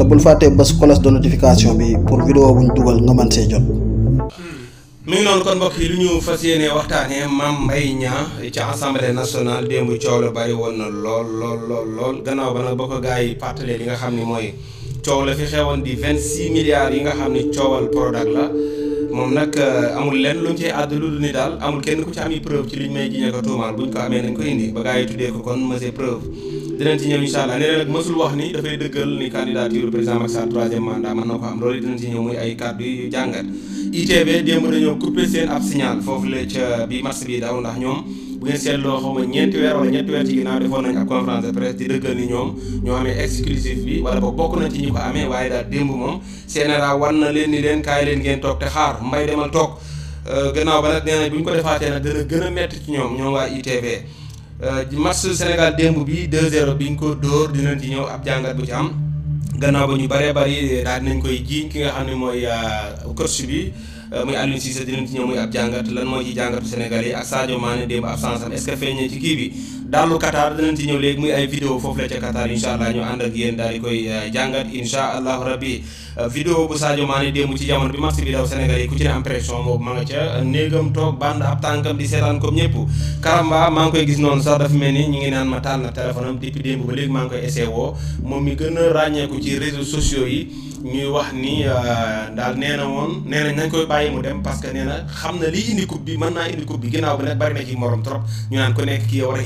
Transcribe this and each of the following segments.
te bul fàttee bés cloche de notification bi pour vidéo buñ dugal nga man see jot. mi ngi noonu kon mbokk yi lu ñu fas yéene waxtaanee Mame Mbaye Niang ca assemblée nationale démb coow la bari woon na lool lool lool lool gannaaw ba nag ba ko gars yi pàttalee li nga xam ni mooy coow la fi xewoon di vingt six milliards yi nga xam ni coowal Prodac la. moom nag euh, amul lenn luñ cee àdd lu ni daal amul kenn ku ci am yi preuve ci liñ may jiñee ko tuumaal buñ ko amee nañ ko indi ba gaa yi tuddee ko kon monsieur preuve dinañ ñëw incha allah nee nag mësul wax ni dafay dëggal ni candidature président Macky Sall troisième mën na ko am loolu dinañ ñëw muy ay kàddu yu jàngat ITV démb dañoo coupé seen ab signal foofu la ca bi match bi daaw ndax ñoom bu ngeen seetloo xaw ma ñeenti weer wala ñetti weer ci ginnaaw defoon nañ ak conférence de di dëggal ni ñoom ñoo amee exclusif bi wala ba bokk nañ ci ñu ko amee waaye daal démb moom CNRA war na leen ni leen kaay leen ngeen toog te xaar mbay demal toog euh, gannaaw ba nag nee bu ñu ko defaatee nag dana gën a métti ci ñoom ñoom waa ITV euh, match Sénégal démb bi 2-0 bi ñu ko dóor dinañ ci ñëw ab jàngat bu ci am gannaaw ba ñu bëree bëri daal dinañ koy jiiñ ki nga xam ne mooy euh, coach bi euh, muy Aliou Cissé dinañ ci ñëw muy ab jàngat lan moo ci jàngatu Sénégal yi ak Sadio Mané démb absence am est-ce que feeñee ci kii bi dàllu Qatar danañ ci ñëw léegi muy ay vidéo foofu la ca Qatar incha allah ñu ànd ak yéen daal di koy eh, jàngat incha allahu rabbi eh, vidéo bu Sadio Mané démb ci jamono bi match ci ne am pression boobu ma nga ca néegam toog band ab tànkam di seetaan comme ñëpp Karamba maa ngi koy gis noonu sax dafa mel ni ñu ngi naan ma taal na téléphone am depuis démb ba léegi maa ngi koy essayé moom mi gën a ràññeeku ci réseaux sociaux yi ñuy wax ni eh, daal nee na woon nee nañ nañ koy bàyyi mu dem parce que nee na xam na lii indi coupe bi mën naa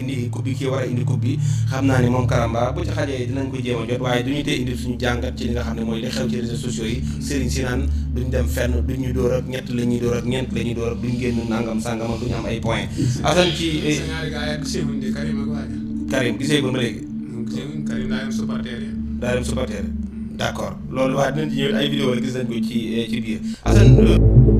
indi indi coupe bi kii war a indi coupe bi xam naa ne moom Karamba bu ci xajee dinañ ko jéem a jot waaye du ñu tee indi suñu jàngat ci nga xam ne mooy li xew ci réseaux sociaux yi Serigne si naan duñ dem fenn duñ ñu dóor ak ñett la ñuy dóor ak ñeent la ñuy dóor ak duñ génn nangam sàngam ak duñu am ay point Assane ci eh, Karim a ba ma léegi mm, daa dem supporter d'accord loolu waa dinañ ci ñëw ay vidéo la gis nañ ko ci eh, ci biir Assane euh,